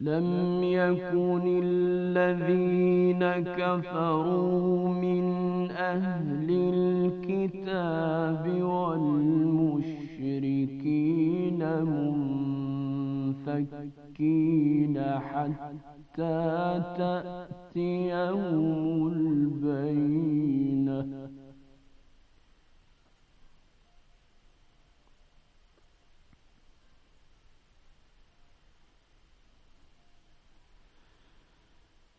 لم يكن الذين كفروا من أهل الكتاب والمشركين منفكين حتى تأتيهم البينه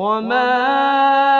وما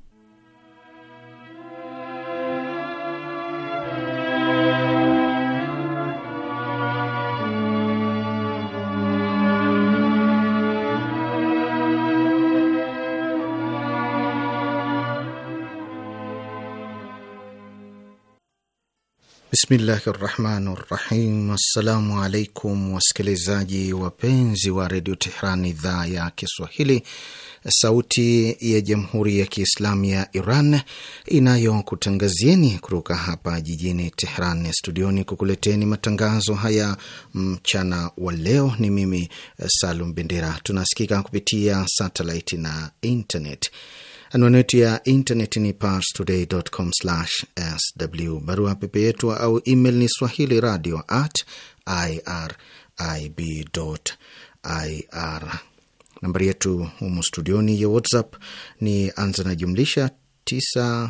Bismillahi rahmani rahim. Assalamu alaikum wasikilizaji wapenzi wa redio Tehran, idhaa ya Kiswahili, sauti ya jamhuri ya Kiislamu ya Iran inayokutangazieni kutoka hapa jijini Tehran studioni kukuleteni matangazo haya mchana wa leo. Ni mimi Salum Bendera. Tunasikika kupitia satelit na internet. Anwani yetu ya intaneti ni parstoday.com/sw. Barua pepe yetu au email ni swahili radio at irib.ir. Nambari yetu humu studioni ya WhatsApp ni anza na jumlisha 9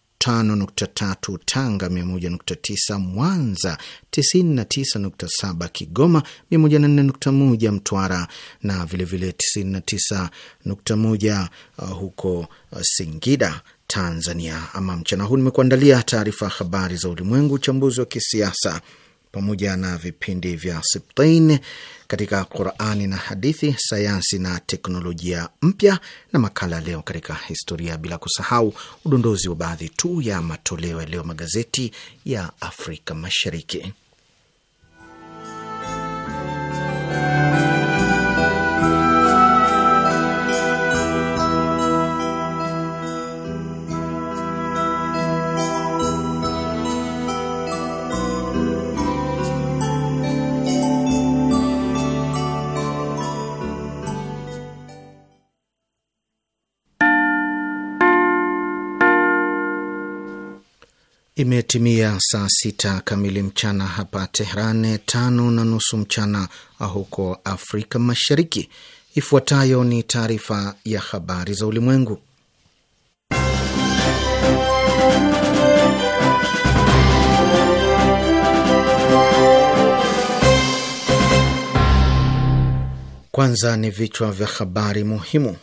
105.3 Tanga, 101.9 Mwanza, 99.7 Kigoma, 104.1 Mtwara na vilevile 99.1 uh, huko uh, Singida, Tanzania. Ama mchana huu nimekuandalia taarifa ya habari za ulimwengu, uchambuzi wa kisiasa pamoja na vipindi vya Siptain katika Qurani na hadithi, sayansi na teknolojia mpya, na makala leo katika historia, bila kusahau udondozi wa baadhi tu ya matoleo ya leo magazeti ya Afrika Mashariki. Imetimia saa sita kamili mchana hapa Tehran, tano na nusu mchana huko Afrika Mashariki. Ifuatayo ni taarifa ya habari za ulimwengu, kwanza ni vichwa vya habari muhimu.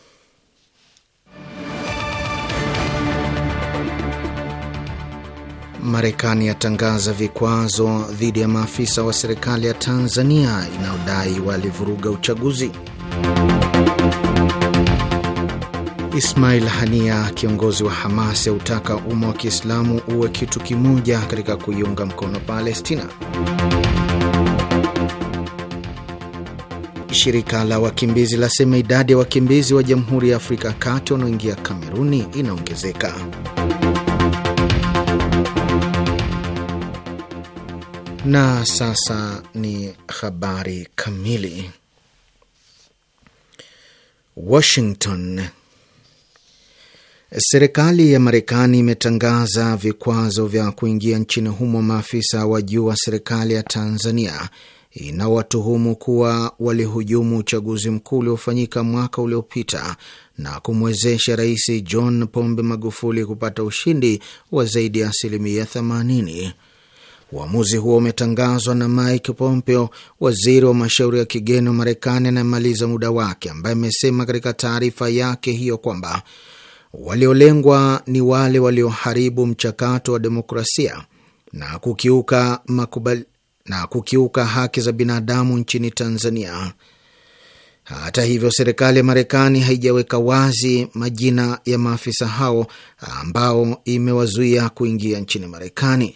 Marekani yatangaza vikwazo dhidi ya maafisa wa serikali ya Tanzania inayodai walivuruga uchaguzi. Ismail Hania, kiongozi wa Hamas, utaka umma wa Kiislamu uwe kitu kimoja katika kuiunga mkono Palestina. Shirika la wakimbizi lasema idadi ya wakimbizi wa Jamhuri ya Afrika ya Kati wanaoingia Kameruni inaongezeka. Na sasa ni habari kamili. Washington. Serikali ya Marekani imetangaza vikwazo vya kuingia nchini humo maafisa wa juu wa serikali ya Tanzania inaowatuhumu kuwa walihujumu uchaguzi mkuu uliofanyika mwaka uliopita na kumwezesha Rais John Pombe Magufuli kupata ushindi wa zaidi ya asilimia 80. Uamuzi huo umetangazwa na Mike Pompeo, waziri wa mashauri ya kigeni wa Marekani anayemaliza muda wake, ambaye amesema katika taarifa yake hiyo kwamba waliolengwa ni wale walioharibu mchakato wa demokrasia na kukiuka makubali, na kukiuka haki za binadamu nchini Tanzania. Hata hivyo, serikali ya Marekani haijaweka wazi majina ya maafisa hao ambao imewazuia kuingia nchini Marekani.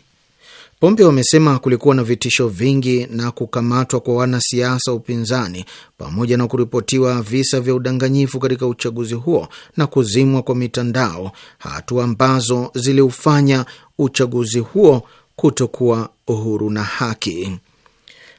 Pompeo amesema kulikuwa na vitisho vingi na kukamatwa kwa wanasiasa upinzani pamoja na kuripotiwa visa vya udanganyifu katika uchaguzi huo na kuzimwa kwa mitandao, hatua ambazo ziliufanya uchaguzi huo kutokuwa uhuru na haki.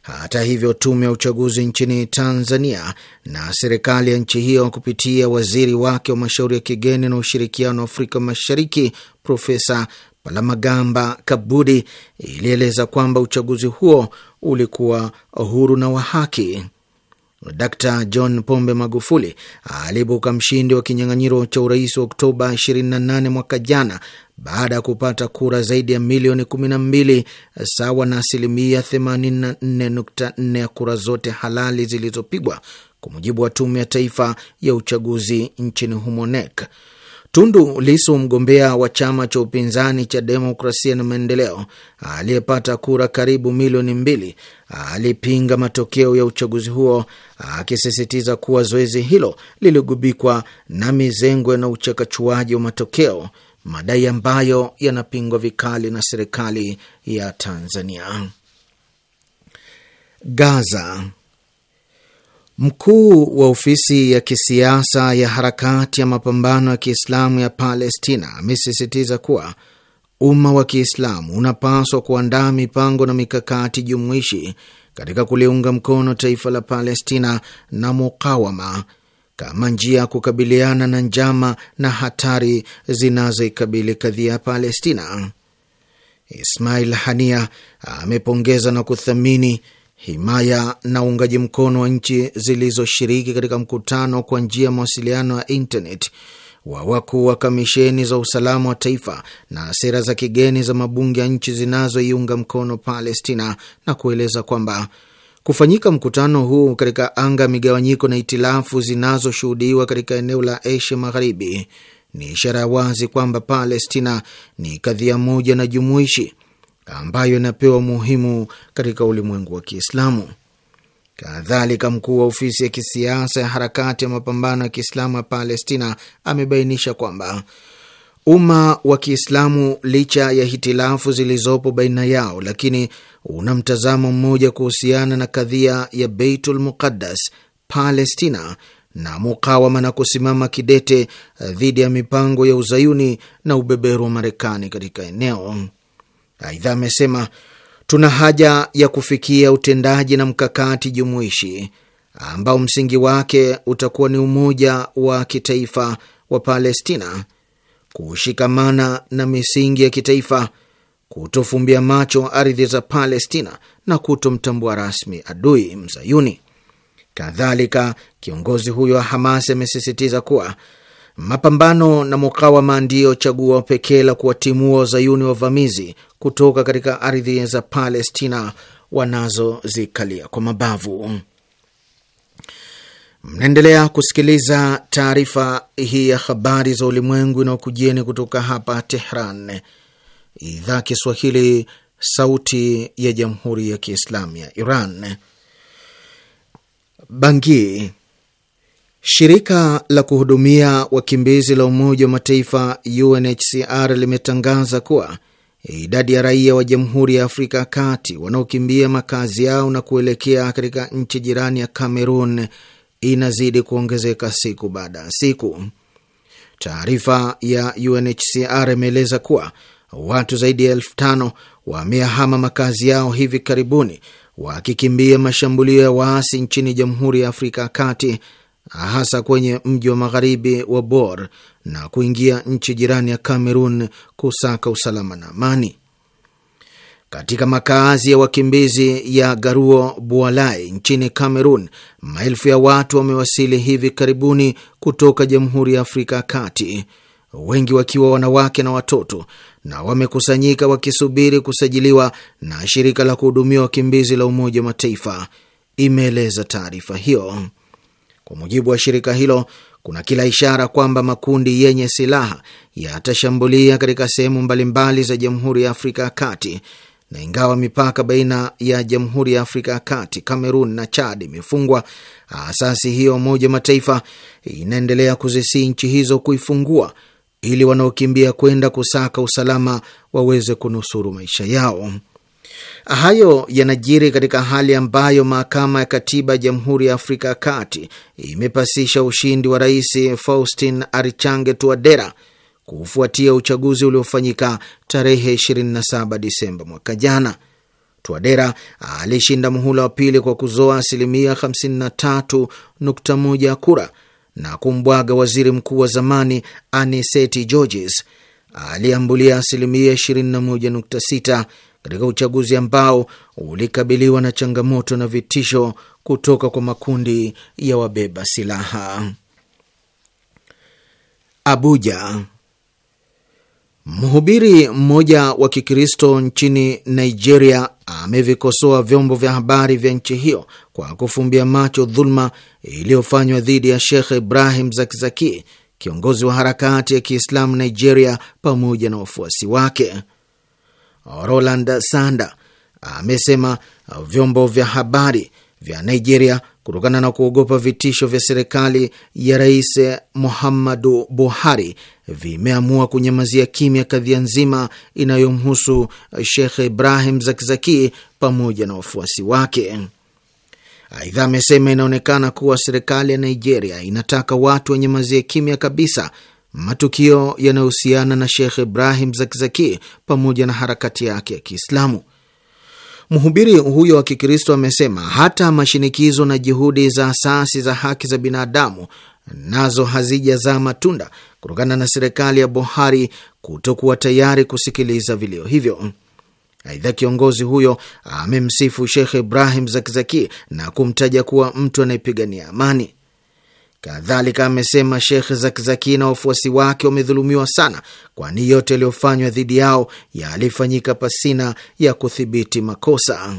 Hata hivyo, tume ya uchaguzi nchini Tanzania na serikali ya nchi hiyo kupitia waziri wake wa mashauri ya kigeni na ushirikiano wa Afrika Mashariki Profesa Palamagamba Kabudi ilieleza kwamba uchaguzi huo ulikuwa huru na wa haki. dr John Pombe Magufuli alibuka mshindi wa kinyang'anyiro cha urais wa Oktoba 28 mwaka jana baada ya kupata kura zaidi ya milioni 12 sawa na asilimia 84.4 ya kura zote halali zilizopigwa, kwa mujibu wa Tume ya Taifa ya Uchaguzi nchini humo NEC. Tundu Lisu, mgombea wa chama cha upinzani cha Demokrasia na Maendeleo aliyepata kura karibu milioni mbili, alipinga matokeo ya uchaguzi huo akisisitiza kuwa zoezi hilo liligubikwa na mizengwe na uchakachuaji wa matokeo, madai ambayo yanapingwa vikali na serikali ya Tanzania. Gaza Mkuu wa ofisi ya kisiasa ya harakati ya mapambano ya Kiislamu ya Palestina amesisitiza kuwa umma wa Kiislamu unapaswa kuandaa mipango na mikakati jumuishi katika kuliunga mkono taifa la Palestina na mukawama kama njia ya kukabiliana na njama na hatari zinazoikabili kadhia ya Palestina. Ismail Hania amepongeza na kuthamini himaya na uungaji mkono wa nchi zilizoshiriki katika mkutano kwa njia ya mawasiliano ya intnet wa wakuu wa kamisheni za usalama wa taifa na sera za kigeni za mabunge ya nchi zinazoiunga mkono Palestina na kueleza kwamba kufanyika mkutano huu katika anga ya migawanyiko na itilafu zinazoshuhudiwa katika eneo la Asia Magharibi ni ishara ya wazi kwamba Palestina ni kadhia moja na jumuishi ambayo inapewa umuhimu katika ulimwengu wa Kiislamu. Kadhalika, mkuu wa ofisi ya kisiasa ya harakati ya mapambano ya Kiislamu ya Palestina amebainisha kwamba umma wa Kiislamu licha ya hitilafu zilizopo baina yao, lakini una mtazamo mmoja kuhusiana na kadhia ya Beitul Muqaddas Palestina na mukawama na kusimama kidete dhidi ya mipango ya uzayuni na ubeberu wa Marekani katika eneo. Aidha amesema tuna haja ya kufikia utendaji na mkakati jumuishi ambao msingi wake utakuwa ni umoja wa kitaifa wa Palestina, kushikamana na misingi ya kitaifa, kutofumbia macho ardhi za Palestina na kutomtambua rasmi adui mzayuni. Kadhalika, kiongozi huyo wa Hamas amesisitiza kuwa mapambano na mukawama ndiyo chaguo pekee la kuwatimua wazayuni wavamizi kutoka katika ardhi za Palestina wanazozikalia kwa mabavu. Mnaendelea kusikiliza taarifa hii ya habari za ulimwengu inayokujieni kutoka hapa Tehran, idhaa Kiswahili, sauti ya jamhuri ya kiislamu ya Iran. Bangi, shirika la kuhudumia wakimbizi la Umoja wa Mataifa UNHCR limetangaza kuwa Eh, idadi ya raia wa Jamhuri ya Afrika ya Kati wanaokimbia makazi yao na kuelekea katika nchi jirani ya cameroon inazidi kuongezeka siku baada ya siku. Taarifa ya UNHCR imeeleza kuwa watu zaidi ya elfu tano wameahama makazi yao hivi karibuni wakikimbia mashambulio ya waasi nchini Jamhuri ya Afrika ya Kati hasa kwenye mji wa magharibi wa Bor na kuingia nchi jirani ya Kamerun kusaka usalama na amani. Katika makaazi ya wakimbizi ya Garuo Bualai nchini Kamerun, maelfu ya watu wamewasili hivi karibuni kutoka Jamhuri ya Afrika ya Kati, wengi wakiwa wanawake na watoto, na wamekusanyika wakisubiri kusajiliwa na shirika la kuhudumia wakimbizi la Umoja wa Mataifa, imeeleza taarifa hiyo. Kwa mujibu wa shirika hilo, kuna kila ishara kwamba makundi yenye silaha yatashambulia katika sehemu mbalimbali za Jamhuri ya Afrika ya Kati, na ingawa mipaka baina ya Jamhuri ya Afrika ya Kati, Kamerun na Chad imefungwa, asasi hiyo Umoja Mataifa inaendelea kuzisii nchi hizo kuifungua ili wanaokimbia kwenda kusaka usalama waweze kunusuru maisha yao. Hayo yanajiri katika hali ambayo mahakama ya katiba ya Jamhuri ya Afrika ya Kati imepasisha ushindi wa Rais Faustin Archange Touadera kufuatia uchaguzi uliofanyika tarehe 27 Disemba mwaka jana. tuadera alishinda muhula wa pili kwa kuzoa asilimia 53.1 ya kura na kumbwaga waziri mkuu wa zamani Aniseti Georges aliambulia asilimia 21.6 katika uchaguzi ambao ulikabiliwa na changamoto na vitisho kutoka kwa makundi ya wabeba silaha. Abuja. Mhubiri mmoja wa Kikristo nchini Nigeria amevikosoa vyombo vya habari vya nchi hiyo kwa kufumbia macho dhuluma iliyofanywa dhidi ya Shekh Ibrahim Zakzaki, kiongozi wa harakati ya Kiislamu Nigeria, pamoja na wafuasi wake. Roland Sanda amesema vyombo vya habari vya Nigeria kutokana na kuogopa vitisho vya serikali ya Rais Muhammadu Buhari vimeamua kunyamazia kimya kadhia nzima inayomhusu Sheikh Ibrahim Zakzaki pamoja na wafuasi wake. Aidha amesema inaonekana kuwa serikali ya Nigeria inataka watu wanyamazie kimya kabisa matukio yanayohusiana na Shekh Ibrahim Zakzaki pamoja na harakati yake ya Kiislamu. Mhubiri huyo wa Kikristo amesema hata mashinikizo na juhudi za asasi za haki za binadamu nazo hazijazaa matunda kutokana na serikali ya Buhari kutokuwa tayari kusikiliza vilio hivyo. Aidha, kiongozi huyo amemsifu shekhe Ibrahim Zakzaki na kumtaja kuwa mtu anayepigania amani. Kadhalika amesema Shekh Zakzaki na wafuasi wake wamedhulumiwa sana, kwani yote yaliyofanywa dhidi yao yalifanyika pasina ya kuthibiti makosa.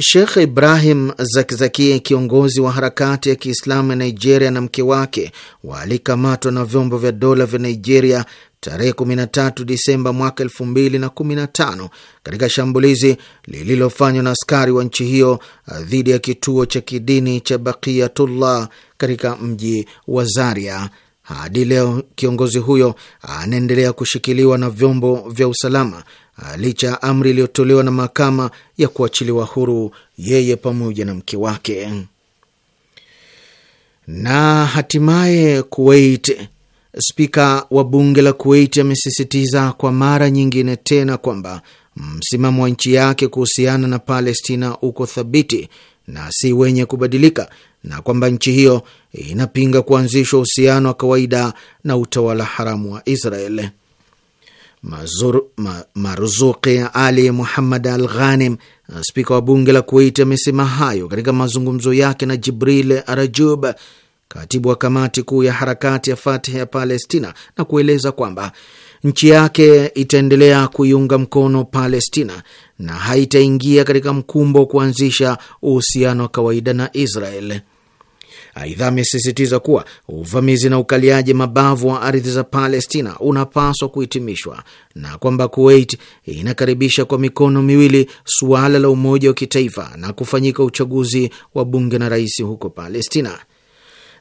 Shekh Ibrahim Zakzaki, kiongozi wa harakati ya Kiislamu ya Nigeria, na mke wake walikamatwa na vyombo vya dola vya Nigeria tarehe 13 Disemba mwaka 2015 katika shambulizi lililofanywa na askari wa nchi hiyo uh, dhidi ya kituo cha kidini cha Baqiyatullah katika mji wa Zaria. Hadi leo kiongozi huyo anaendelea kushikiliwa na vyombo vya usalama uh, licha ya amri iliyotolewa na mahakama ya kuachiliwa huru yeye pamoja na mke wake. Na hatimaye Kuwait Spika wa bunge la Kuwait amesisitiza kwa mara nyingine tena kwamba msimamo wa nchi yake kuhusiana na Palestina uko thabiti na si wenye kubadilika na kwamba nchi hiyo inapinga kuanzishwa uhusiano wa kawaida na utawala haramu wa Israel. Mazur, ma, Maruzuki Ali Muhammad Al Ghanim, spika wa bunge la Kuwait, amesema hayo katika mazungumzo yake na Jibril Arajub, katibu wa kamati kuu ya harakati ya Fatah ya Palestina, na kueleza kwamba nchi yake itaendelea kuiunga mkono Palestina na haitaingia katika mkumbo wa kuanzisha uhusiano wa kawaida na Israel. Aidha, amesisitiza kuwa uvamizi na ukaliaji mabavu wa ardhi za Palestina unapaswa kuhitimishwa na kwamba Kuwait inakaribisha kwa mikono miwili suala la umoja wa kitaifa na kufanyika uchaguzi wa bunge na rais huko Palestina.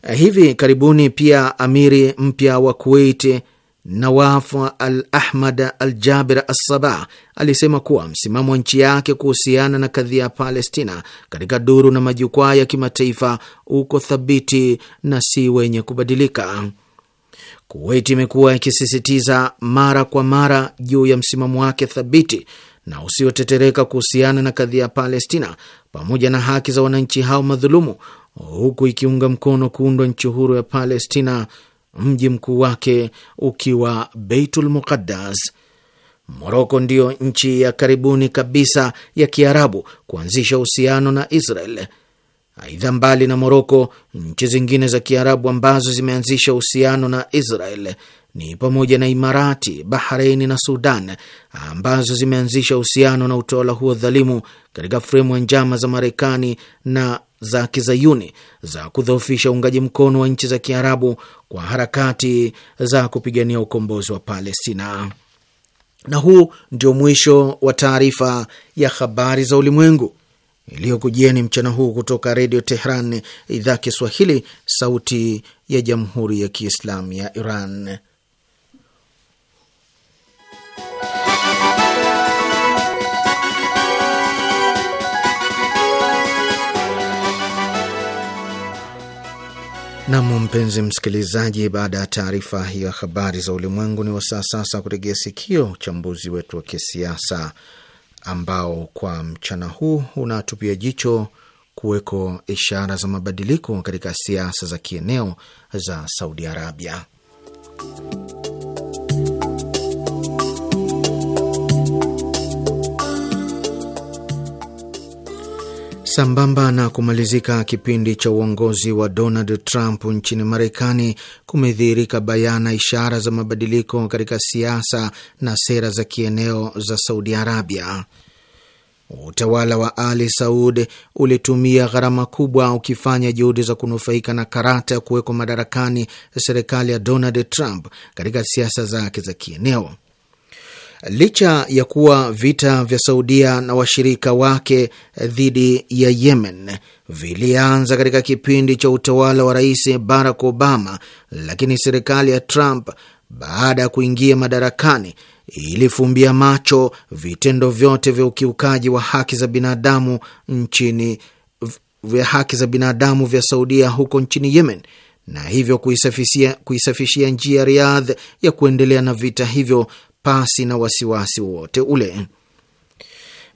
Eh, hivi karibuni pia amiri mpya wa Kuwait Nawaf Al Ahmad Al Jaber Assabah alisema kuwa msimamo wa nchi yake kuhusiana na kadhia ya Palestina katika duru na majukwaa ya kimataifa uko thabiti na si wenye kubadilika. Kuwait imekuwa ikisisitiza mara kwa mara juu ya msimamo wake thabiti na usiotetereka kuhusiana na kadhia ya Palestina pamoja na haki za wananchi hao madhulumu huku ikiunga mkono kuundwa nchi huru ya Palestina, mji mkuu wake ukiwa Beitul Muqaddas. Moroko ndiyo nchi ya karibuni kabisa ya Kiarabu kuanzisha uhusiano na Israel. Aidha, mbali na Moroko, nchi zingine za Kiarabu ambazo zimeanzisha uhusiano na Israel ni pamoja na Imarati, Bahreini na Sudan, ambazo zimeanzisha uhusiano na utawala huo dhalimu katika fremu ya njama za Marekani na za kizayuni za kudhoofisha uungaji mkono wa nchi za kiarabu kwa harakati za kupigania ukombozi wa Palestina. Na huu ndio mwisho wa taarifa ya habari za ulimwengu iliyokujieni mchana huu kutoka Redio Tehran, idhaa Kiswahili, sauti ya jamhuri ya kiislamu ya Iran. Nam, mpenzi msikilizaji, baada ya taarifa hiyo ya habari za ulimwengu, ni wasaa sasa kutegea sikio uchambuzi wetu wa kisiasa ambao kwa mchana huu unatupia jicho kuweko ishara za mabadiliko katika siasa za kieneo za Saudi Arabia. Sambamba na kumalizika kipindi cha uongozi wa Donald Trump nchini Marekani, kumedhihirika bayana ishara za mabadiliko katika siasa na sera za kieneo za Saudi Arabia. Utawala wa Ali Saud ulitumia gharama kubwa ukifanya juhudi za kunufaika na karata ya kuwekwa madarakani serikali ya Donald Trump katika siasa zake za kieneo. Licha ya kuwa vita vya Saudia na washirika wake dhidi ya Yemen vilianza katika kipindi cha utawala wa Rais Barack Obama, lakini serikali ya Trump baada ya kuingia madarakani ilifumbia macho vitendo vyote vya ukiukaji wa haki za binadamu nchini vya haki za binadamu vya Saudia huko nchini Yemen na hivyo kuisafishia njia Riyadh ya kuendelea na vita hivyo pasi na wasiwasi wowote ule.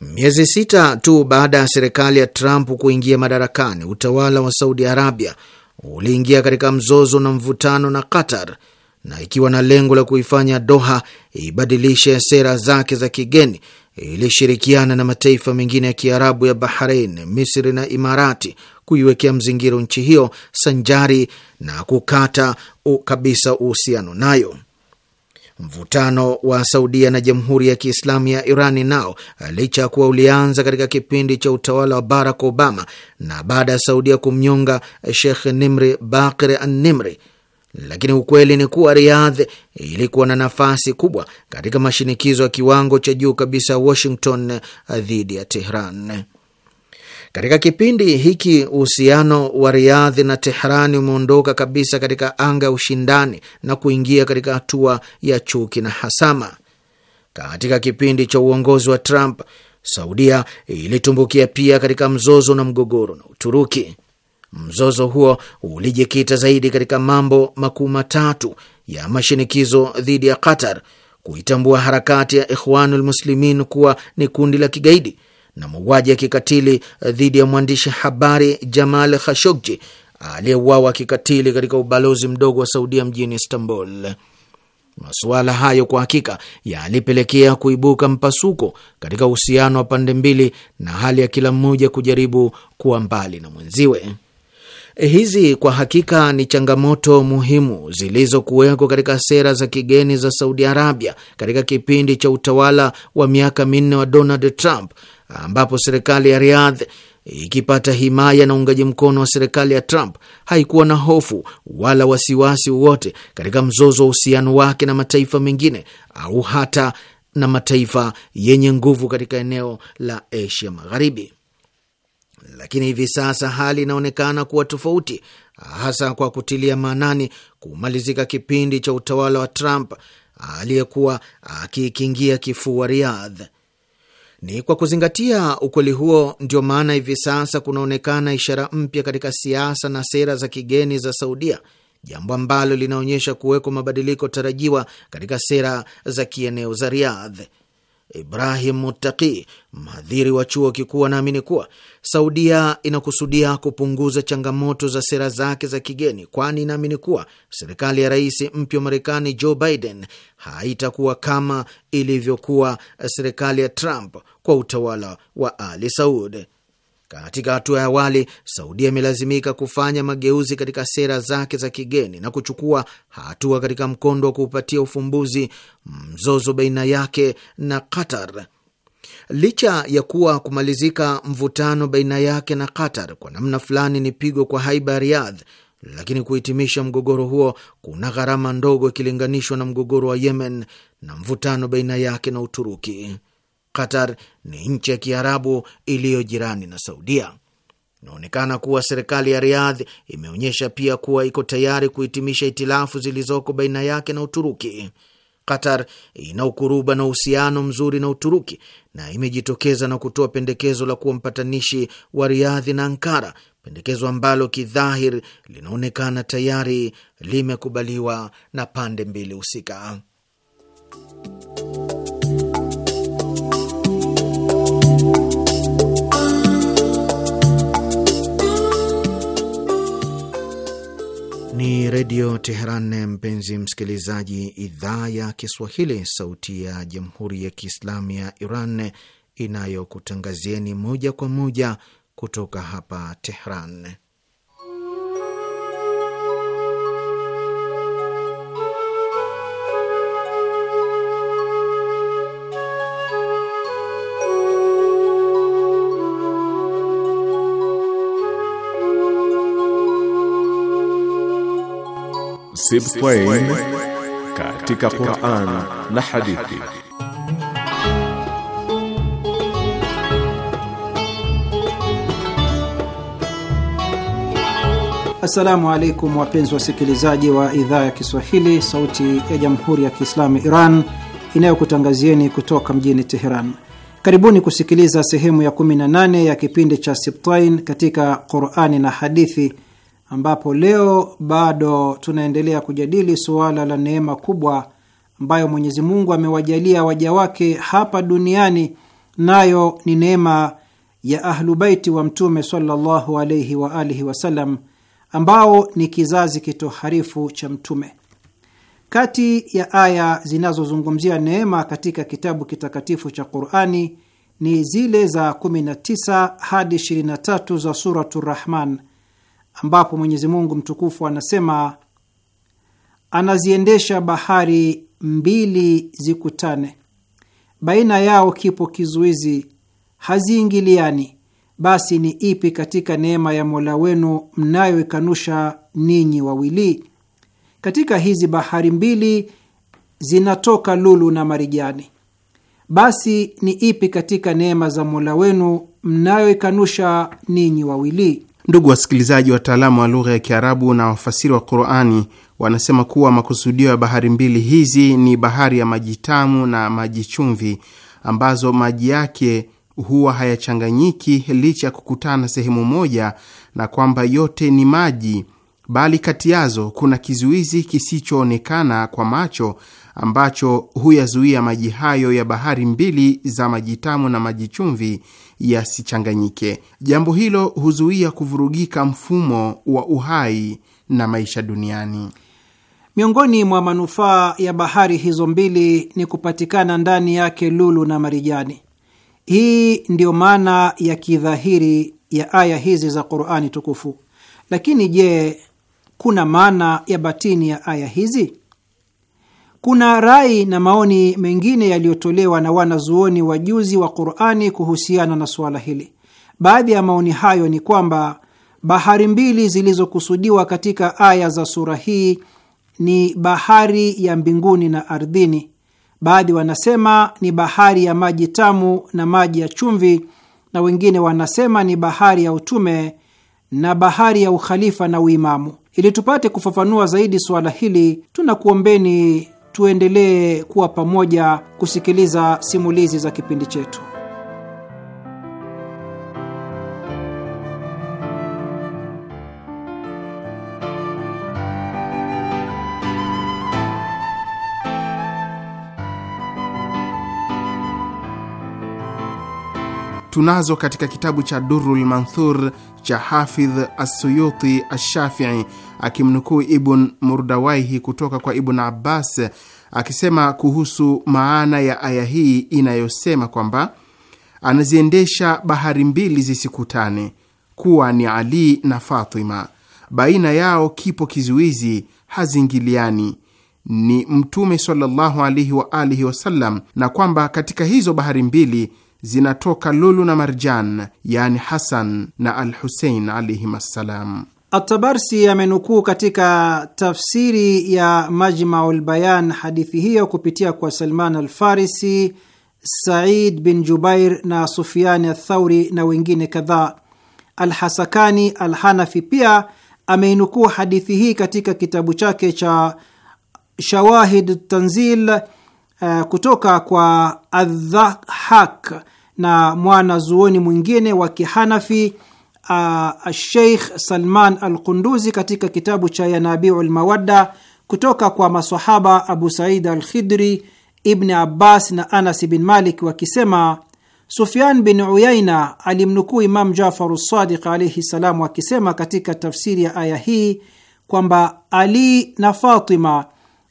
Miezi sita tu baada ya serikali ya Trump kuingia madarakani, utawala wa Saudi Arabia uliingia katika mzozo na mvutano na Qatar, na ikiwa na lengo la kuifanya Doha ibadilishe sera zake za kigeni, ilishirikiana na mataifa mengine ya Kiarabu ya Bahrain, Misri na Imarati kuiwekea mzingiro nchi hiyo sanjari na kukata kabisa uhusiano nayo. Mvutano wa Saudia na Jamhuri ya Kiislamu ya Irani nao licha ya kuwa ulianza katika kipindi cha utawala wa Barack Obama na baada ya Saudia kumnyonga shekh Nimri Bakr an-Nimri, lakini ukweli ni kuwa Riadh ilikuwa na nafasi kubwa katika mashinikizo ya kiwango cha juu kabisa Washington dhidi ya Tehran. Katika kipindi hiki uhusiano wa Riadhi na Tehrani umeondoka kabisa katika anga ya ushindani na kuingia katika hatua ya chuki na hasama. Katika kipindi cha uongozi wa Trump, Saudia ilitumbukia pia katika mzozo na mgogoro na Uturuki. Mzozo huo ulijikita zaidi katika mambo makuu matatu ya mashinikizo dhidi ya Qatar: kuitambua harakati ya Ikhwanul Muslimin kuwa ni kundi la kigaidi na mauaji ya kikatili eh, dhidi ya mwandishi habari Jamal Khashoggi aliyeuawa kikatili katika ubalozi mdogo wa Saudia mjini Istanbul. Masuala hayo kwa hakika yalipelekea kuibuka mpasuko katika uhusiano wa pande mbili na hali ya kila mmoja kujaribu kuwa mbali na mwenziwe. Eh, hizi kwa hakika ni changamoto muhimu zilizokuwekwa katika sera za kigeni za Saudi Arabia katika kipindi cha utawala wa miaka minne wa Donald Trump ambapo serikali ya Riyadh ikipata himaya na uungaji mkono wa serikali ya Trump haikuwa na hofu wala wasiwasi wowote katika mzozo wa uhusiano wake na mataifa mengine au hata na mataifa yenye nguvu katika eneo la Asia Magharibi. Lakini hivi sasa hali inaonekana kuwa tofauti, hasa kwa kutilia maanani kumalizika kipindi cha utawala wa Trump aliyekuwa akikingia kifua Riyadh. Ni kwa kuzingatia ukweli huo ndio maana hivi sasa kunaonekana ishara mpya katika siasa na sera za kigeni za Saudia, jambo ambalo linaonyesha kuwekwa mabadiliko tarajiwa katika sera za kieneo za riadh Ibrahim Mutaki, mhadhiri wa chuo kikuu, anaamini kuwa Saudia inakusudia kupunguza changamoto za sera zake za kigeni, kwani inaamini kuwa serikali ya rais mpya wa Marekani Joe Biden haitakuwa kama ilivyokuwa serikali ya Trump kwa utawala wa Ali Saud. Katika hatua ya awali, Saudia imelazimika kufanya mageuzi katika sera zake za kigeni na kuchukua hatua katika mkondo wa kuupatia ufumbuzi mzozo baina yake na Qatar. Licha ya kuwa kumalizika mvutano baina yake na Qatar kwa namna fulani ni pigo kwa haiba ya Riyadh, lakini kuhitimisha mgogoro huo kuna gharama ndogo ikilinganishwa na mgogoro wa Yemen na mvutano baina yake na Uturuki. Qatar ni nchi ya Kiarabu iliyo jirani na Saudia. Inaonekana kuwa serikali ya Riyadh imeonyesha pia kuwa iko tayari kuhitimisha itilafu zilizoko baina yake na Uturuki. Qatar ina ukuruba na uhusiano mzuri na Uturuki na imejitokeza na kutoa pendekezo la kuwa mpatanishi wa Riadhi na Ankara, pendekezo ambalo kidhahir linaonekana tayari limekubaliwa na pande mbili husika. Ni Redio Teheran, mpenzi msikilizaji, idhaa ya Kiswahili, sauti ya Jamhuri ya Kiislamu ya Iran inayokutangazieni moja kwa moja kutoka hapa Tehran. Sibtain katika Qur'an na hadithi. Assalamu alaikum wapenzi wasikilizaji wa idhaa ya Kiswahili sauti ya Jamhuri ya Kiislamu Iran inayokutangazieni kutoka mjini Teheran. Karibuni kusikiliza sehemu ya 18 ya kipindi cha Sibtain katika Qur'ani na hadithi ambapo leo bado tunaendelea kujadili suala la neema kubwa ambayo Mwenyezi Mungu amewajalia waja wake hapa duniani, nayo ni neema ya Ahlubaiti wa Mtume sallallahu alaihi wa alihi wasallam, ambao ni kizazi kitoharifu cha Mtume. Kati ya aya zinazozungumzia neema katika kitabu kitakatifu cha Qurani ni zile za 19 hadi 23 za Suratu Rahman ambapo Mwenyezi Mungu mtukufu anasema, anaziendesha bahari mbili zikutane, baina yao kipo kizuizi, haziingiliani. Basi ni ipi katika neema ya Mola wenu mnayoikanusha ninyi wawili? Katika hizi bahari mbili zinatoka lulu na marijani. Basi ni ipi katika neema za Mola wenu mnayoikanusha ninyi wawili? Ndugu wasikilizaji, wataalamu wa lugha ya Kiarabu na wafasiri wa Qurani wanasema kuwa makusudio ya bahari mbili hizi ni bahari ya maji tamu na maji chumvi, ambazo maji yake huwa hayachanganyiki licha ya kukutana sehemu moja, na kwamba yote ni maji, bali kati yazo kuna kizuizi kisichoonekana kwa macho ambacho huyazuia maji hayo ya bahari mbili za maji tamu na maji chumvi yasichanganyike. Jambo hilo huzuia kuvurugika mfumo wa uhai na maisha duniani. Miongoni mwa manufaa ya bahari hizo mbili ni kupatikana ndani yake lulu na marijani. Hii ndiyo maana ya kidhahiri ya aya hizi za Qur'ani tukufu. Lakini je, kuna maana ya batini ya aya hizi? Kuna rai na maoni mengine yaliyotolewa na wanazuoni wajuzi wa Qur'ani kuhusiana na suala hili. Baadhi ya maoni hayo ni kwamba bahari mbili zilizokusudiwa katika aya za sura hii ni bahari ya mbinguni na ardhini. Baadhi wanasema ni bahari ya maji tamu na maji ya chumvi, na wengine wanasema ni bahari ya utume na bahari ya ukhalifa na uimamu. Ili tupate kufafanua zaidi suala hili, tunakuombeni tuendelee kuwa pamoja kusikiliza simulizi za kipindi chetu. tunazo katika kitabu cha Durul Manthur cha Hafidh Assuyuti Ashafii akimnukuu Ibn Murdawaihi kutoka kwa Ibn Abbas akisema kuhusu maana ya aya hii inayosema kwamba anaziendesha bahari mbili zisikutane, kuwa ni Ali na Fatima, baina yao kipo kizuizi, hazingiliani ni Mtume sallallahu alihi wa alihi wasallam, na kwamba katika hizo bahari mbili zinatoka lulu na marjan, yani Hasan na al Husein alaihim assalam. Atabarsi amenukuu katika tafsiri ya Majmau Bayan hadithi hiyo kupitia kwa Salman Alfarisi, Said bin Jubair na Sufiani Athauri na wengine kadhaa. Alhasakani Alhanafi pia ameinukuu hadithi hii katika kitabu chake cha Shawahid Tanzil Eh, kutoka kwa Adhahak na mwana zuoni mwingine wa Kihanafi uh, Sheikh Salman al Qunduzi katika kitabu cha Yanabiu lmawadda kutoka kwa masahaba Abu Said al Khidri, Ibni Abbas na Anas bin Malik wakisema Sufyan bin Uyaina alimnukuu Imam jafar Sadiq alaihi salam akisema katika tafsiri ya aya hii kwamba Ali na Fatima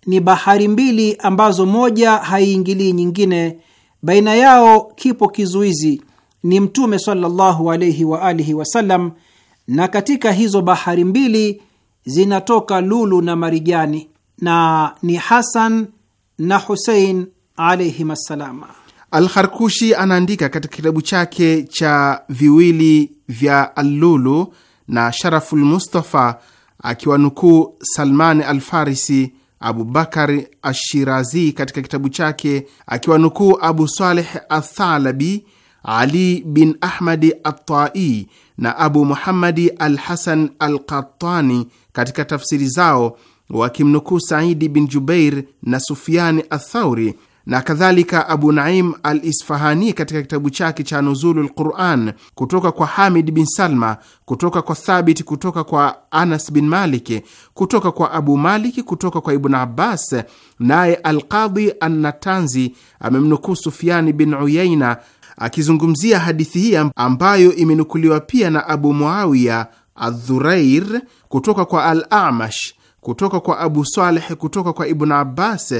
ni bahari mbili ambazo moja haiingilii nyingine, baina yao kipo kizuizi, ni Mtume sallallahu alaihi wa alihi wasallam, na katika hizo bahari mbili zinatoka lulu na marijani, na ni Hasan na Husein alaihim assalama. Alkharkushi anaandika katika kitabu chake cha viwili vya Allulu na Sharaful akiwa akiwanukuu salmani Alfarisi Abubakari Ashirazi katika kitabu chake akiwa nukuu Abu Saleh Athalabi, Ali bin Ahmadi Atai na Abu Muhammadi Al Hasan Al Qattani katika tafsiri zao wakimnukuu Saidi bin Jubair na Sufiani Athauri na kadhalika Abu Naim al Isfahani katika kitabu chake cha Nuzulu lquran kutoka kwa Hamid bin Salma, kutoka kwa Thabit, kutoka kwa Anas bin malik kutoka kwa Abu Malik, kutoka kwa Ibn Abbas. Naye Alqadhi Annatanzi amemnukuu Sufiani bin Uyaina akizungumzia hadithi hii ambayo imenukuliwa pia na Abu Muawiya Adhurair kutoka kwa Al Amash, kutoka kwa Abu Saleh, kutoka kwa Ibn Abbas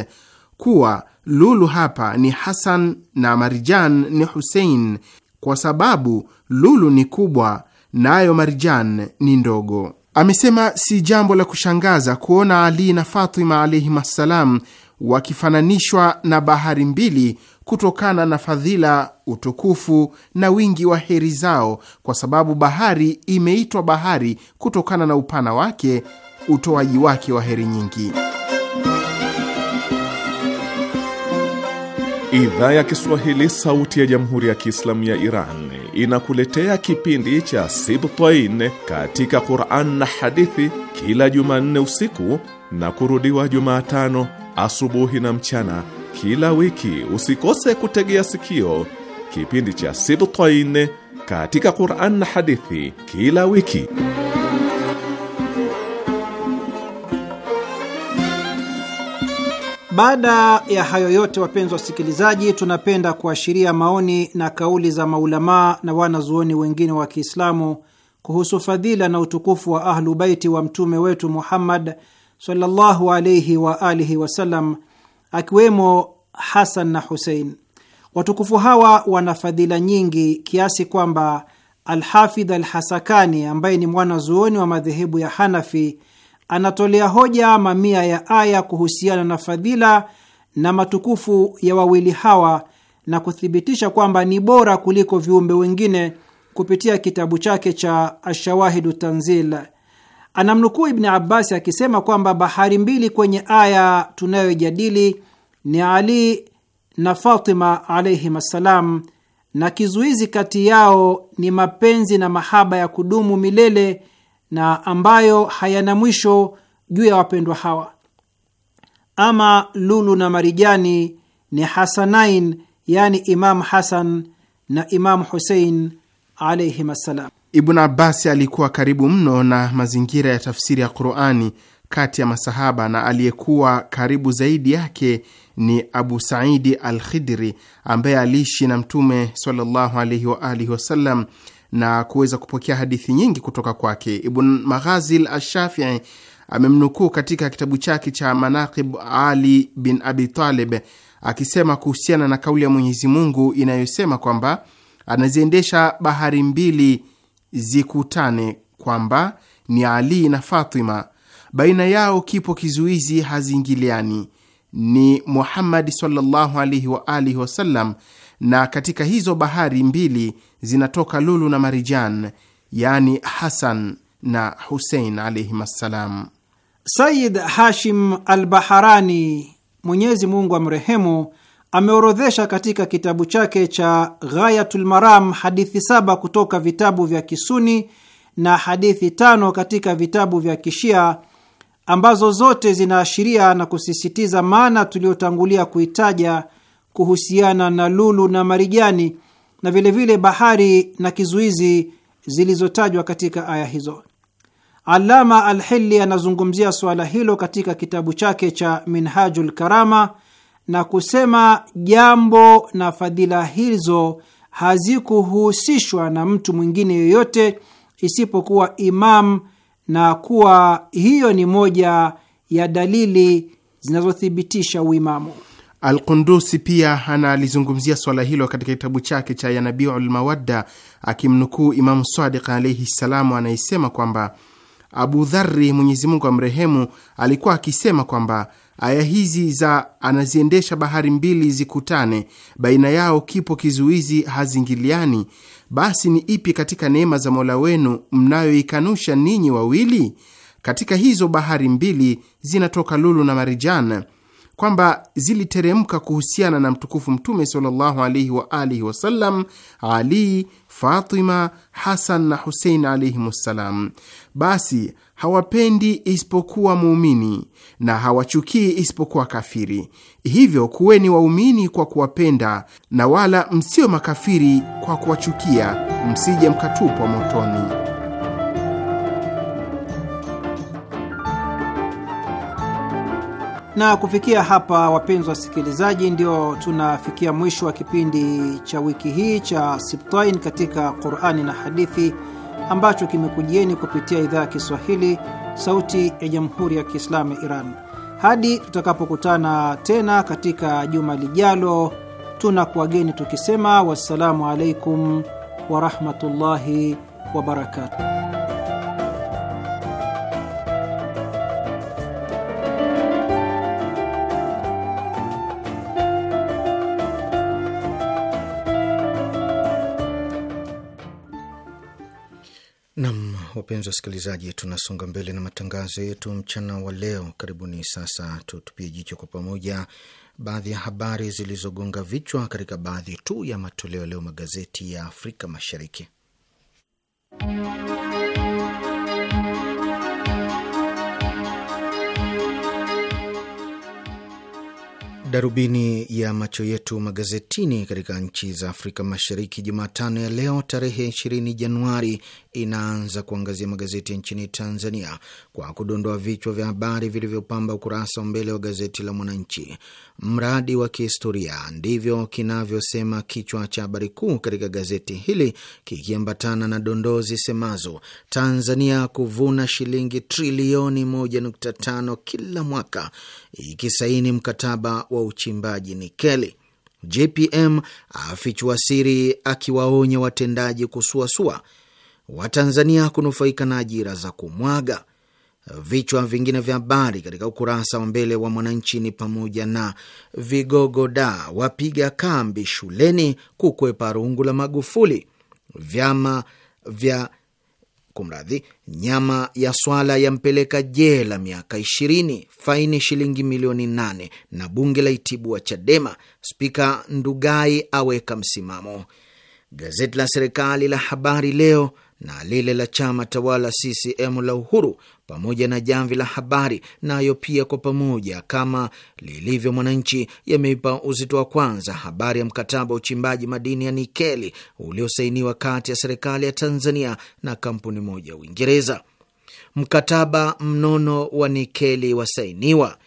kuwa lulu hapa ni Hasan na Marjan ni Husein, kwa sababu lulu ni kubwa nayo na Marjan ni ndogo. Amesema si jambo la kushangaza kuona Ali na Fatima alayhim assalam wakifananishwa na bahari mbili kutokana na fadhila, utukufu na wingi wa heri zao, kwa sababu bahari imeitwa bahari kutokana na upana wake, utoaji wake wa heri nyingi. Idhaa ya Kiswahili sauti ya Jamhuri ya Kiislamu ya Iran inakuletea kipindi cha Sibtain katika Quran na hadithi kila Jumanne usiku na kurudiwa Jumatano asubuhi na mchana kila wiki. Usikose kutegea sikio kipindi cha Sibtain katika Quran na hadithi kila wiki. Baada ya hayo yote, wapenzi wasikilizaji, tunapenda kuashiria maoni na kauli za maulamaa na wanazuoni wengine wa Kiislamu kuhusu fadhila na utukufu wa Ahlu Baiti wa mtume wetu Muhammad sallallahu alaihi wa alihi wasallam, akiwemo Hasan na Husein. Watukufu hawa wana fadhila nyingi kiasi kwamba Alhafidh Alhasakani ambaye ni mwanazuoni wa madhehebu ya Hanafi anatolea hoja mamia ya aya kuhusiana na fadhila na matukufu ya wawili hawa na kuthibitisha kwamba ni bora kuliko viumbe wengine kupitia kitabu chake cha Ashawahidu Tanzil. Anamnukuu Ibni Abbasi akisema kwamba bahari mbili kwenye aya tunayojadili ni Ali na Fatima alaihim assalam, na kizuizi kati yao ni mapenzi na mahaba ya kudumu milele na ambayo hayana mwisho juu ya wapendwa hawa. Ama lulu na marijani ni hasanain, yani Imamu Hasan na Imamu Husein alaihim assalam. Ibn alikuwa karibu mno na mazingira ya tafsiri ya Qurani kati ya masahaba, na aliyekuwa karibu zaidi yake ni Abu Saidi al Khidri ambaye aliishi na Mtume sallallahu alaihi waalihi wasallam na kuweza kupokea hadithi nyingi kutoka kwake. Ibn Maghazil Ashafii amemnukuu katika kitabu chake cha Manaqib Ali bin Abi Talib akisema kuhusiana na kauli ya Mwenyezi Mungu inayosema kwamba anaziendesha bahari mbili zikutane, kwamba ni Ali na Fatima, baina yao kipo kizuizi, haziingiliani. Ni Muhammadi sallallahu alihi wa alihi wasallam na katika hizo bahari mbili zinatoka lulu na marijan, yani Hasan na Husein alaihim assalam. Sayid Hashim al Baharani, Mwenyezi Mungu amrehemu, ameorodhesha katika kitabu chake cha Ghayatul Maram hadithi saba kutoka vitabu vya Kisuni na hadithi tano katika vitabu vya Kishia ambazo zote zinaashiria na kusisitiza maana tuliyotangulia kuitaja kuhusiana na lulu na marijani na vilevile vile bahari na kizuizi zilizotajwa katika aya hizo. Alama Alhili anazungumzia suala hilo katika kitabu chake cha Minhajul Karama na kusema jambo na fadhila hizo hazikuhusishwa na mtu mwingine yoyote isipokuwa Imam, na kuwa hiyo ni moja ya dalili zinazothibitisha uimamu. Alkundusi pia analizungumzia swala hilo katika kitabu chake cha Yanabiu Lmawadda, akimnukuu Imamu Sadiq alaihi ssalamu, anayesema kwamba Abu Dharri, Mwenyezi Mungu amrehemu, alikuwa akisema kwamba aya hizi za anaziendesha bahari mbili zikutane, baina yao kipo kizuizi, hazingiliani. Basi ni ipi katika neema za Mola wenu mnayoikanusha ninyi wawili? Katika hizo bahari mbili zinatoka lulu na marijani kwamba ziliteremka kuhusiana na mtukufu Mtume sallallahu alaihi wa alihi wasallam, Ali, Fatima, Hasan na Husein wassalam Basi hawapendi isipokuwa muumini na hawachukii isipokuwa kafiri. Hivyo kuweni waumini kwa kuwapenda na wala msio makafiri kwa kuwachukia, msije mkatupwa motoni. Na kufikia hapa, wapenzi wasikilizaji, ndio tunafikia mwisho wa kipindi cha wiki hii cha Sibtain katika Qurani na Hadithi ambacho kimekujieni kupitia idhaa ya Kiswahili, Sauti ya Jamhuri ya Kiislamu ya Iran. Hadi tutakapokutana tena katika juma lijalo, tunakuwageni tukisema wassalamu alaikum warahmatullahi wabarakatuh. wapenzi wasikilizaji, tunasonga mbele na matangazo yetu mchana wa leo. Karibuni sasa tutupie jicho kwa pamoja baadhi ya habari zilizogonga vichwa katika baadhi tu ya matoleo leo magazeti ya Afrika Mashariki. Darubini ya macho yetu magazetini katika nchi za Afrika Mashariki, Jumatano ya leo tarehe 20 Januari inaanza kuangazia magazeti ya nchini Tanzania kwa kudondoa vichwa vya habari vilivyopamba ukurasa wa mbele wa gazeti la Mwananchi. Mradi wa kihistoria, ndivyo kinavyosema kichwa cha habari kuu katika gazeti hili, kikiambatana na dondoo zisemazo: Tanzania kuvuna shilingi trilioni 1.5 kila mwaka ikisaini mkataba wa uchimbaji nikeli. JPM afichua siri akiwaonya watendaji kusuasua. Watanzania kunufaika na ajira za kumwaga. Vichwa vingine vya habari katika ukurasa wa mbele wa Mwananchi ni pamoja na vigogo da wapiga kambi shuleni kukwepa rungu la Magufuli, vyama vya kumradhi, nyama ya swala yampeleka jela miaka ishirini, faini shilingi milioni nane na bunge la itibu wa Chadema, spika Ndugai aweka msimamo. Gazeti la serikali la Habari Leo na lile la chama tawala CCM la Uhuru pamoja na Jamvi la Habari, nayo na pia kwa pamoja, kama lilivyo Mwananchi, yameipa uzito wa kwanza habari ya mkataba wa uchimbaji madini ya nikeli uliosainiwa kati ya serikali ya Tanzania na kampuni moja ya Uingereza. Mkataba mnono wa nikeli wasainiwa,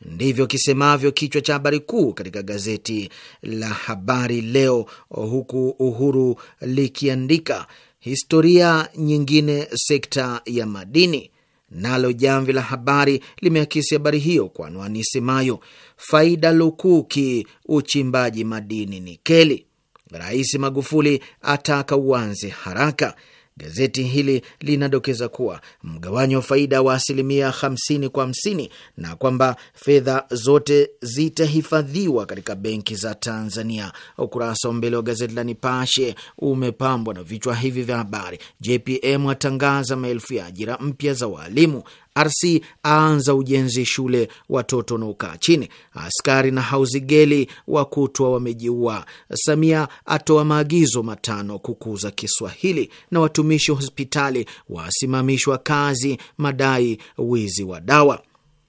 ndivyo kisemavyo kichwa cha habari kuu katika gazeti la Habari Leo, huku Uhuru likiandika historia nyingine, sekta ya madini. Nalo Jamvi la Habari limeakisi habari hiyo kwa anwani isemayo faida lukuki uchimbaji madini nikeli. Rais Magufuli ataka uanze haraka. Gazeti hili linadokeza kuwa mgawanyo wa faida wa asilimia 50 kwa 50 na kwamba fedha zote zitahifadhiwa katika benki za Tanzania. Ukurasa wa mbele wa gazeti la Nipashe umepambwa na vichwa hivi vya habari: JPM atangaza maelfu ya ajira mpya za waalimu, rc aanza ujenzi shule watoto na ukaa chini. Askari na hauzigeli wakutwa wamejiua. Samia atoa maagizo matano kukuza Kiswahili, na watumishi wa hospitali wasimamishwa kazi madai wizi wa dawa.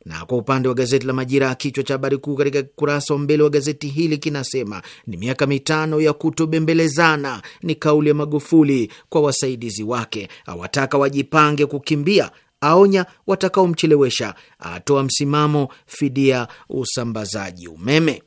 Na kwa upande wa gazeti la Majira ya kichwa cha habari kuu katika kurasa wa mbele wa gazeti hili kinasema ni miaka mitano ya kutobembelezana, ni kauli ya Magufuli kwa wasaidizi wake, awataka wajipange kukimbia aonya watakaomchelewesha, atoa msimamo fidia usambazaji umeme.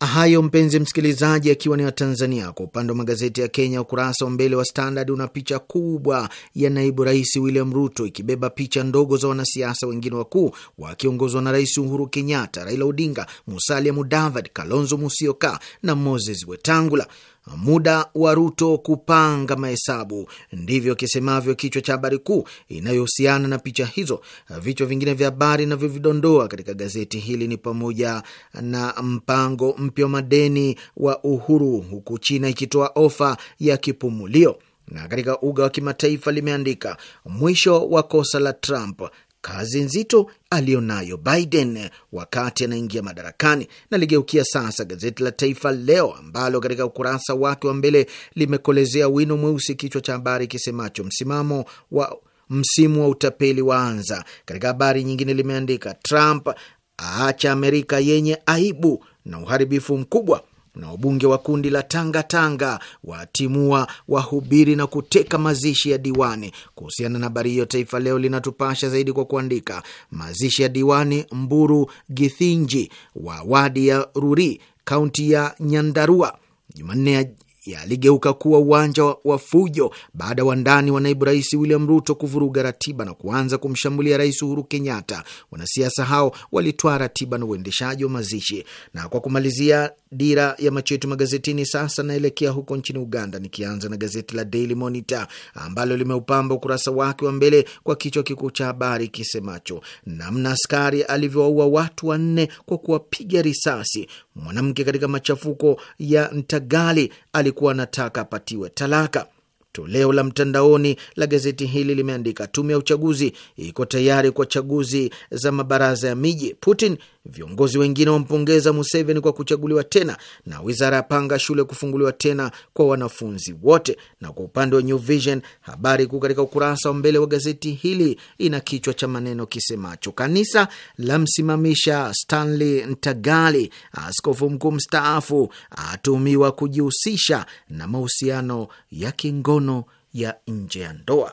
Hayo mpenzi msikilizaji, akiwa ni wa Tanzania. Kwa upande wa magazeti ya Kenya, ukurasa wa mbele wa Standard una picha kubwa ya naibu rais William Ruto ikibeba picha ndogo za wanasiasa wengine wakuu wakiongozwa na Rais Uhuru Kenyatta, Raila Odinga, Musalia Mudavadi, Kalonzo Musyoka na Moses Wetangula muda wa Ruto kupanga mahesabu. Ndivyo kisemavyo kichwa cha habari kuu inayohusiana na picha hizo. Vichwa vingine vya habari navyovidondoa katika gazeti hili ni pamoja na mpango mpya wa madeni wa Uhuru, huku China ikitoa ofa ya kipumulio na katika uga wa kimataifa limeandika mwisho wa kosa la Trump, kazi nzito aliyonayo Biden wakati anaingia madarakani. Naligeukia sasa gazeti la Taifa Leo ambalo katika ukurasa wake wa mbele limekolezea wino mweusi kichwa cha habari kisemacho msimamo wa msimu wa utapeli waanza. Katika habari nyingine limeandika Trump aacha Amerika yenye aibu na uharibifu mkubwa na wabunge wa kundi la Tanga Tanga watimua wahubiri na kuteka mazishi ya diwani. Kuhusiana na habari hiyo, Taifa Leo linatupasha zaidi kwa kuandika, mazishi ya diwani Mburu Githinji wa wadi ya Ruri, kaunti ya Nyandarua, Jumanne ya yaligeuka kuwa uwanja wa fujo baada ya wandani wa naibu rais William Ruto kuvuruga ratiba na kuanza kumshambulia rais Uhuru Kenyatta. Wanasiasa hao walitwaa ratiba na uendeshaji wa mazishi. Na kwa kumalizia Dira ya macho yetu magazetini sasa naelekea huko nchini Uganda, nikianza na gazeti la Daily Monitor ambalo limeupamba ukurasa wake wa mbele kwa kichwa kikuu cha habari kisemacho namna askari alivyowaua watu wanne kwa kuwapiga risasi. Mwanamke katika machafuko ya Ntagali alikuwa anataka apatiwe talaka. Toleo la mtandaoni la gazeti hili limeandika tume ya uchaguzi iko tayari kwa chaguzi za mabaraza ya miji. Putin Viongozi wengine wampongeza Museveni kwa kuchaguliwa tena na wizara ya panga shule kufunguliwa tena kwa wanafunzi wote. Na kwa upande wa New Vision, habari kuu katika ukurasa wa mbele wa gazeti hili ina kichwa cha maneno kisemacho kanisa la msimamisha Stanley Ntagali, askofu mkuu mstaafu atumiwa kujihusisha na mahusiano ya kingono ya nje ya ndoa.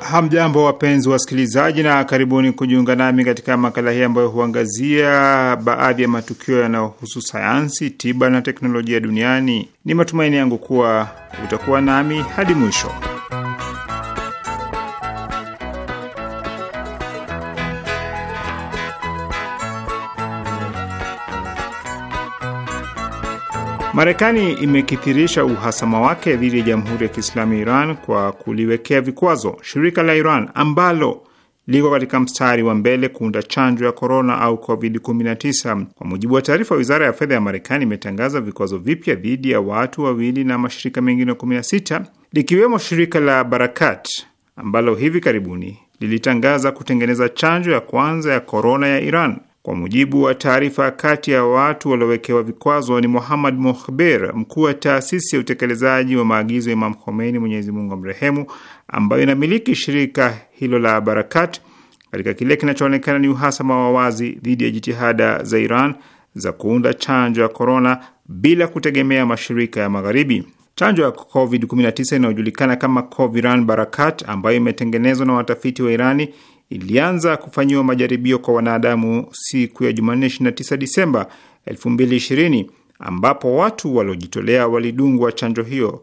Hamjambo, wapenzi wasikilizaji, na karibuni kujiunga nami katika makala hii ambayo huangazia baadhi ya matukio yanayohusu sayansi, tiba na teknolojia duniani. Ni matumaini yangu kuwa utakuwa nami hadi mwisho. Marekani imekithirisha uhasama wake dhidi ya Jamhuri ya Kiislamu ya Iran kwa kuliwekea vikwazo shirika la Iran ambalo liko katika mstari wa mbele kuunda chanjo ya korona au COVID-19. Kwa mujibu wa taarifa, wizara ya fedha ya Marekani imetangaza vikwazo vipya dhidi ya watu wawili na mashirika mengine 16 likiwemo shirika la Barakat ambalo hivi karibuni lilitangaza kutengeneza chanjo ya kwanza ya korona ya Iran. Kwa mujibu wa taarifa, kati ya watu waliowekewa vikwazo ni Muhammad Mukhbir, mkuu wa taasisi ya utekelezaji wa maagizo ya Imam Khomeini, Mwenyezi Mungu amrehemu, ambayo inamiliki shirika hilo la Barakat katika kile kinachoonekana ni uhasama wa wazi dhidi ya jitihada za Iran za kuunda chanjo ya korona bila kutegemea mashirika ya magharibi. Chanjo ya COVID-19 inayojulikana kama Coviran Barakat, ambayo imetengenezwa na watafiti wa Irani, ilianza kufanyiwa majaribio kwa wanadamu siku ya Jumanne 29 Disemba 2020 ambapo watu waliojitolea walidungwa chanjo hiyo.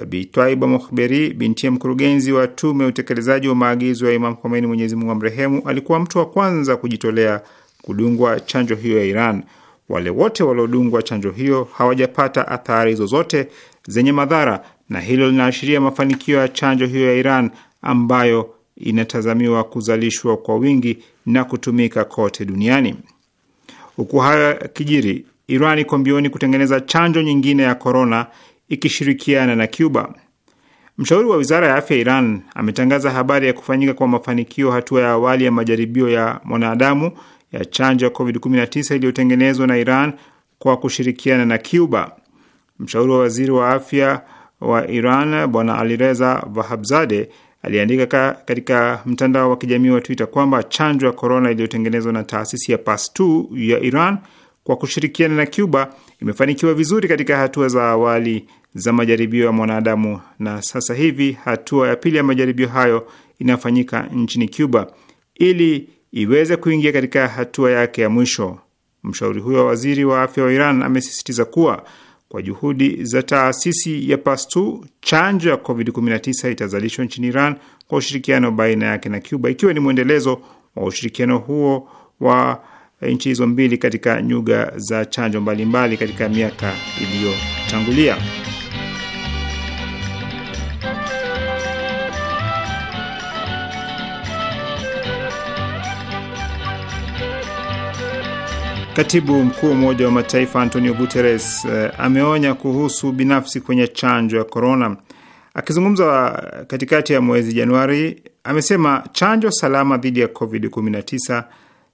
Eh, Bi Twaiba Mukhberi, binti ya mkurugenzi wa tume ya utekelezaji wa maagizo ya Imam Khomeini, Mwenyezi Mungu amrehemu, alikuwa mtu wa kwanza kujitolea kudungwa chanjo hiyo ya Iran. Wale wote waliodungwa chanjo hiyo hawajapata athari zozote zenye madhara, na hilo linaashiria mafanikio ya chanjo hiyo ya Iran ambayo inatazamiwa kuzalishwa kwa wingi na kutumika kote duniani. Huku haya kijiri, Iran iko mbioni kutengeneza chanjo nyingine ya korona ikishirikiana na Cuba. Mshauri wa wizara ya afya Iran ametangaza habari ya kufanyika kwa mafanikio hatua ya awali ya majaribio ya mwanadamu ya chanjo ya COVID-19 iliyotengenezwa na Iran kwa kushirikiana na Cuba. Mshauri wa waziri wa afya wa Iran Bwana Alireza Vahabzade aliandika katika mtandao wa kijamii wa Twitter kwamba chanjo ya korona iliyotengenezwa na taasisi ya Pasteur ya Iran kwa kushirikiana na Cuba imefanikiwa vizuri katika hatua za awali za majaribio ya mwanadamu, na sasa hivi hatua ya pili ya majaribio hayo inafanyika nchini Cuba ili iweze kuingia katika hatua yake ya mwisho. Mshauri huyo wa waziri wa afya wa Iran amesisitiza kuwa kwa juhudi za taasisi ya Pastu, chanjo ya COVID-19 itazalishwa nchini Iran kwa ushirikiano baina yake na Cuba, ikiwa ni mwendelezo wa ushirikiano huo wa nchi hizo mbili katika nyuga za chanjo mbalimbali mbali katika miaka iliyotangulia. Katibu mkuu wa Umoja wa Mataifa Antonio Guterres eh, ameonya kuhusu binafsi kwenye chanjo ya korona. Akizungumza katikati ya mwezi Januari, amesema chanjo salama dhidi ya COVID-19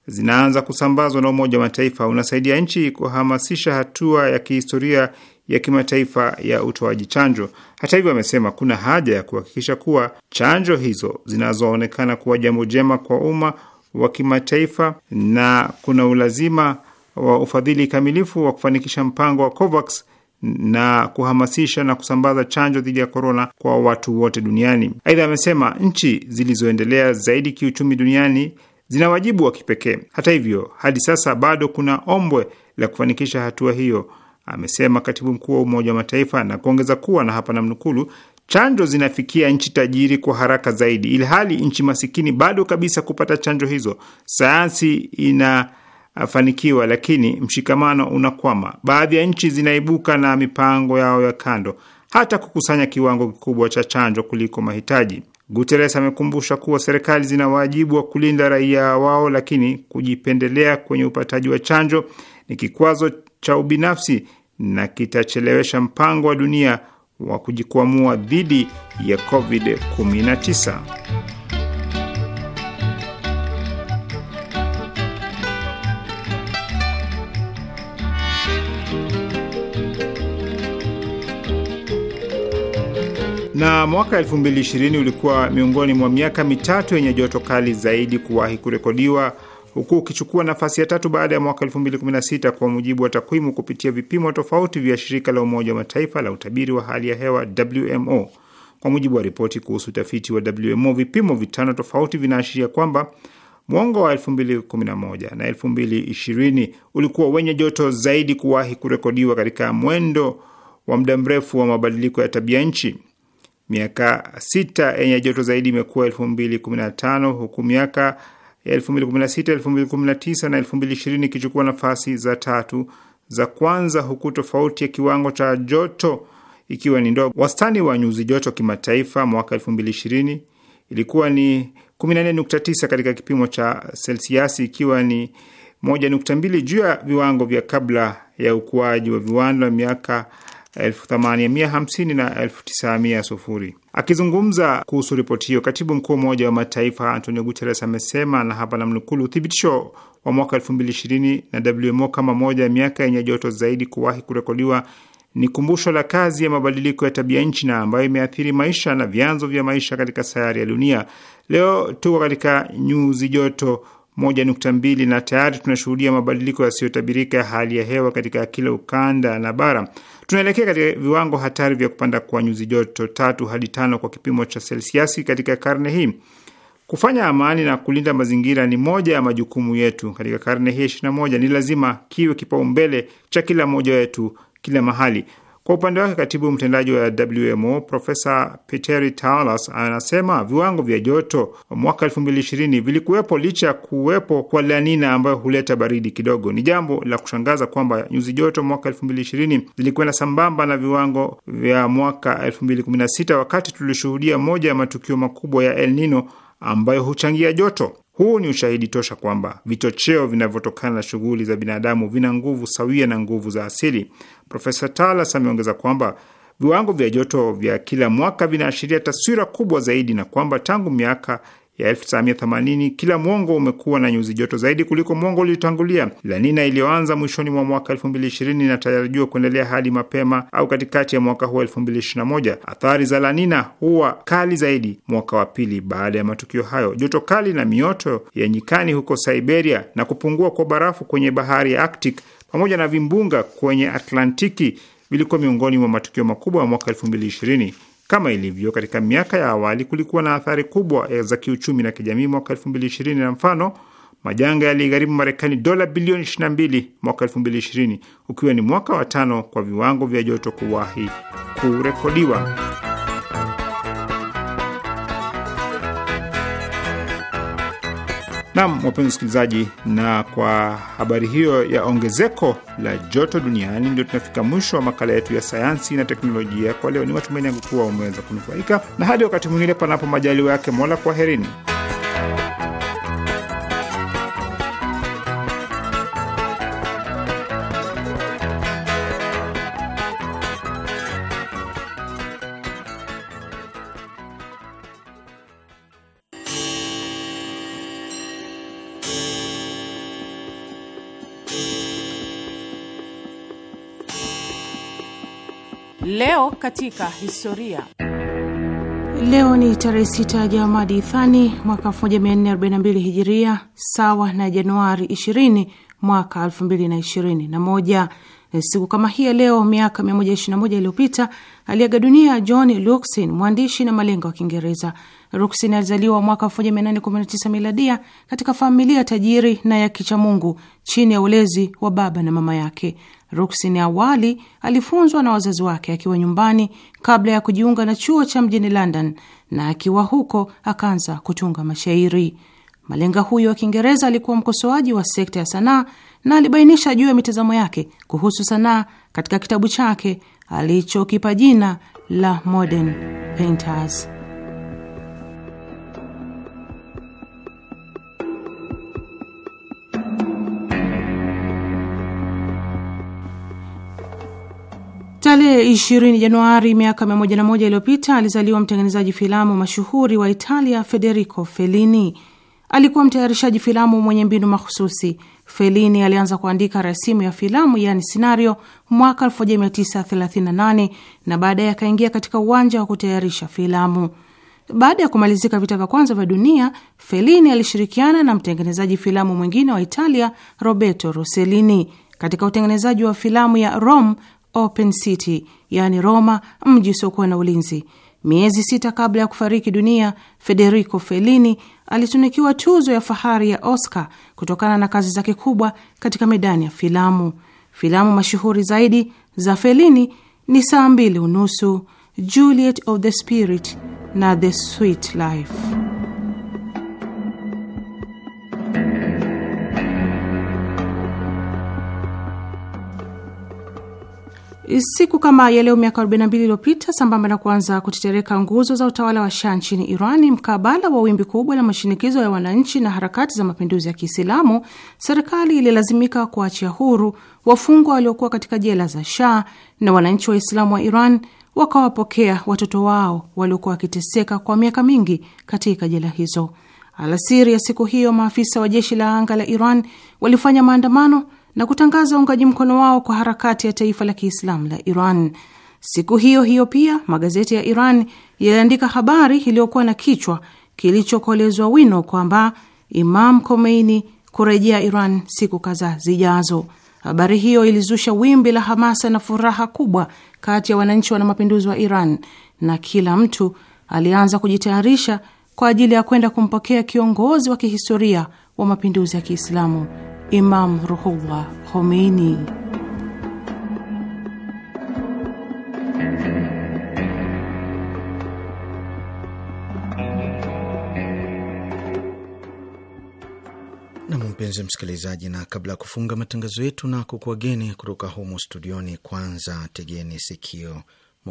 zinaanza kusambazwa na Umoja wa Mataifa unasaidia nchi kuhamasisha hatua ya kihistoria ya kimataifa ya utoaji chanjo. Hata hivyo, amesema kuna haja ya kuhakikisha kuwa chanjo hizo zinazoonekana kuwa jambo jema kwa umma wa kimataifa na kuna ulazima wa ufadhili kamilifu wa kufanikisha mpango wa COVAX na kuhamasisha na kusambaza chanjo dhidi ya korona kwa watu wote duniani. Aidha amesema nchi zilizoendelea zaidi kiuchumi duniani zina wajibu wa kipekee. Hata hivyo, hadi sasa bado kuna ombwe la kufanikisha hatua hiyo, amesema katibu mkuu wa Umoja wa Mataifa na kuongeza kuwa, na hapa namnukulu, chanjo zinafikia nchi tajiri kwa haraka zaidi, ilhali nchi masikini bado kabisa kupata chanjo hizo. Sayansi ina fanikiwa, lakini mshikamano unakwama. Baadhi ya nchi zinaibuka na mipango yao ya kando, hata kukusanya kiwango kikubwa cha chanjo kuliko mahitaji. Guterres amekumbusha kuwa serikali zina wajibu wa kulinda raia wao, lakini kujipendelea kwenye upataji wa chanjo ni kikwazo cha ubinafsi na kitachelewesha mpango wa dunia wa kujikwamua dhidi ya COVID-19. na mwaka 2020 ulikuwa miongoni mwa miaka mitatu yenye joto kali zaidi kuwahi kurekodiwa huku ukichukua nafasi ya tatu baada ya mwaka 2016 kwa mujibu wa takwimu kupitia vipimo tofauti vya shirika la Umoja wa Mataifa la utabiri wa hali ya hewa WMO. Kwa mujibu wa ripoti kuhusu utafiti wa WMO, vipimo vitano tofauti vinaashiria kwamba mwongo wa 2011 na 2020 ulikuwa wenye joto zaidi kuwahi kurekodiwa katika mwendo wa muda mrefu wa mabadiliko ya tabia nchi. Miaka sita yenye joto zaidi imekuwa elfu mbili kumi na tano huku miaka elfu mbili kumi na sita elfu mbili kumi na tisa na elfu mbili ishirini ikichukua nafasi za tatu za kwanza, huku tofauti ya kiwango cha joto ikiwa ni ndogo. Wastani wa nyuzi joto kimataifa mwaka elfu mbili ishirini ilikuwa ni 14.9 katika kipimo cha selsiasi, ikiwa ni 1.2 juu ya viwango vya kabla ya ukuaji wa viwanda miaka 1850 na 1900. Akizungumza kuhusu ripoti hiyo, katibu mkuu wa Umoja wa Mataifa Antonio Guterres amesema, na hapa namnukulu, uthibitisho wa mwaka 2020 na WMO kama moja ya miaka yenye joto zaidi kuwahi kurekodiwa ni kumbusho la kazi ya mabadiliko ya tabia nchi na ambayo imeathiri maisha na vyanzo vya maisha katika sayari ya dunia. Leo tuko katika nyuzi joto 1.2 na tayari tunashuhudia mabadiliko yasiyotabirika ya hali ya hewa katika kila ukanda na bara. Tunaelekea katika viwango hatari vya kupanda kwa nyuzi joto tatu hadi tano kwa kipimo cha selsiasi katika karne hii. Kufanya amani na kulinda mazingira ni moja ya majukumu yetu katika karne hii ya ishirini na moja. Ni lazima kiwe kipaumbele cha kila mmoja wetu kila mahali. Kwa upande wake katibu mtendaji wa WMO Profesa Peteri tawlas anasema viwango vya joto mwaka elfu vilikuwepo licha ya kuwepo kwa lanina ambayo huleta baridi kidogo. Ni jambo la kushangaza kwamba nyuzi joto mwaka 2020 zilikwenda sambamba na viwango vya mwaka elfu wakati tulishuhudia moja ya matukio makubwa ya El Nino ambayo huchangia joto. Huu ni ushahidi tosha kwamba vichocheo vinavyotokana na shughuli za binadamu vina nguvu sawia na nguvu za asili. Profesa Talas ameongeza kwamba viwango vya joto vya kila mwaka vinaashiria taswira kubwa zaidi na kwamba tangu miaka ya 1980 kila mwongo umekuwa na nyuzi joto zaidi kuliko mwongo uliotangulia. Lanina iliyoanza mwishoni mwa mwaka 2020 inatarajiwa kuendelea hadi mapema au katikati ya mwaka huu 2021. Athari za lanina huwa kali zaidi mwaka wa pili baada ya matukio hayo. Joto kali na mioto ya nyikani huko Siberia na kupungua kwa barafu kwenye bahari ya Arctic pamoja na vimbunga kwenye Atlantiki vilikuwa miongoni mwa matukio makubwa ya mwaka 2020. Kama ilivyo katika miaka ya awali, kulikuwa na athari kubwa eh, za kiuchumi na kijamii mwaka 2020, na mfano majanga yaligharimu Marekani dola bilioni 22 mwaka 2020, ukiwa ni mwaka wa tano kwa viwango vya joto kuwahi kurekodiwa. Nam, wapenzi wasikilizaji, na kwa habari hiyo ya ongezeko la joto duniani ndio tunafika mwisho wa makala yetu ya sayansi na teknolojia kwa leo. Ni matumaini yangu kuwa umeweza kunufaika, na hadi wakati mwingine, panapo majaliwa yake Mola, kwaherini. Leo katika historia. Leo ni tarehe sita Jamadi Thani mwaka 1442 Hijiria, sawa na Januari 20 mwaka 2021. Siku kama hii ya leo miaka 121 iliyopita aliaga dunia John Ruskin, mwandishi na malengo wa Kiingereza. Ruskin alizaliwa mwaka 1819 miladia katika familia tajiri na ya kichamungu chini ya ulezi wa baba na mama yake. Ruksin awali alifunzwa na wazazi wake akiwa nyumbani kabla ya kujiunga na chuo cha mjini London, na akiwa huko akaanza kutunga mashairi. Malenga huyo wa Kiingereza alikuwa mkosoaji wa sekta ya sanaa na alibainisha juu ya mitazamo yake kuhusu sanaa katika kitabu chake alichokipa jina la Modern Painters. Tarehe 20 Januari miaka 11 iliyopita alizaliwa mtengenezaji filamu mashuhuri wa Italia Federico Fellini. Alikuwa mtayarishaji filamu mwenye mbinu mahususi. Fellini alianza kuandika rasimu ya filamu yaani scenario mwaka 1938 na baadaye akaingia katika uwanja wa kutayarisha filamu. Baada ya kumalizika vita vya kwanza vya dunia, Fellini alishirikiana na mtengenezaji filamu mwingine wa Italia Roberto Rossellini katika utengenezaji wa filamu ya Rome Open City, yaani Roma, mji usiokuwa na ulinzi. Miezi sita kabla ya kufariki dunia, Federico Fellini alitunikiwa tuzo ya fahari ya Oscar kutokana na kazi zake kubwa katika medani ya filamu. Filamu mashuhuri zaidi za Fellini ni saa mbili unusu, Juliet of the Spirit na The Sweet Life. E, siku kama ya leo miaka 42 iliyopita, sambamba na kuanza kutetereka nguzo za utawala wa Shah nchini Irani, mkabala wa wimbi kubwa la mashinikizo ya wananchi na harakati za mapinduzi ya Kiislamu, serikali ililazimika kuachia huru wafungwa waliokuwa katika jela za Shah, na wananchi Waislamu wa Iran wakawapokea watoto wao waliokuwa wakiteseka kwa miaka mingi katika jela hizo. Alasiri ya siku hiyo, maafisa wa jeshi la anga la Iran walifanya maandamano na kutangaza uungaji mkono wao kwa harakati ya taifa la Kiislamu la Iran. Siku hiyo hiyo pia magazeti ya Iran yaliandika habari iliyokuwa na kichwa kilichokolezwa wino kwamba Imam Khomeini kurejea Iran siku kadhaa zijazo. Habari hiyo ilizusha wimbi la hamasa na furaha kubwa kati ya wananchi wana mapinduzi wa Iran, na kila mtu alianza kujitayarisha kwa ajili ya kwenda kumpokea kiongozi wa kihistoria wa mapinduzi ya Kiislamu Imam Ruhullah Khomeini. Mpenzi msikilizaji, na kabla ya kufunga matangazo yetu na kukuageni kutoka humo studioni, kwanza tegeni sikio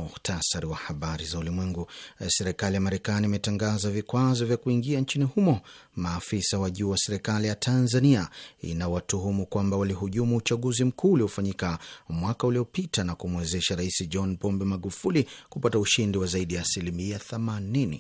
Muhtasari wa habari za ulimwengu. Eh, serikali ya Marekani imetangaza vikwazo vya kuingia nchini humo maafisa wa juu wa serikali ya Tanzania, inawatuhumu kwamba walihujumu uchaguzi mkuu uliofanyika mwaka uliopita na kumwezesha Rais John Pombe Magufuli kupata ushindi wa zaidi ya asilimia 80.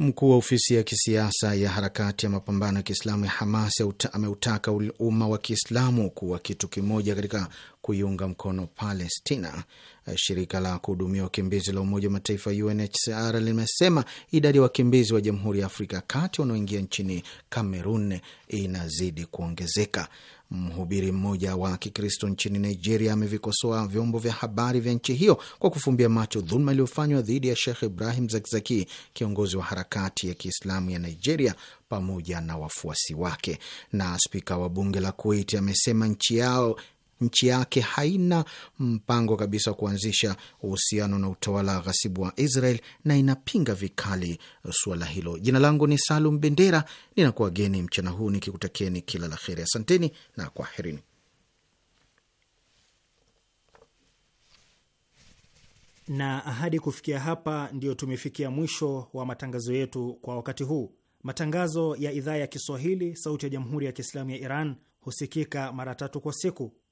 Mkuu wa ofisi ya kisiasa ya harakati ya mapambano ya Kiislamu ya Hamas ameutaka umma wa Kiislamu kuwa kitu kimoja katika kuiunga mkono Palestina. Eh, shirika la kuhudumia wakimbizi la Umoja wa Mataifa UNHCR limesema idadi ya wakimbizi wa Jamhuri ya Afrika ya Kati wanaoingia nchini Kamerun inazidi kuongezeka. Mhubiri mmoja wa Kikristo nchini Nigeria amevikosoa vyombo vya habari vya nchi hiyo kwa kufumbia macho dhuluma iliyofanywa dhidi ya Shekh Ibrahim Zakzaki, kiongozi wa harakati ya Kiislamu ya Nigeria pamoja na wafuasi wake. Na spika wa bunge la Kuwait amesema nchi yao nchi yake haina mpango kabisa wa kuanzisha uhusiano na utawala ghasibu wa Israel na inapinga vikali suala hilo. Jina langu ni Salum Bendera, ninakuwa geni mchana huu nikikutakieni kila la heri. Asanteni na kwaherini. Na ahadi kufikia hapa, ndiyo tumefikia mwisho wa matangazo yetu kwa wakati huu. Matangazo ya idhaa ya Kiswahili, Sauti ya Jamhuri ya Kiislamu ya Iran husikika mara tatu kwa siku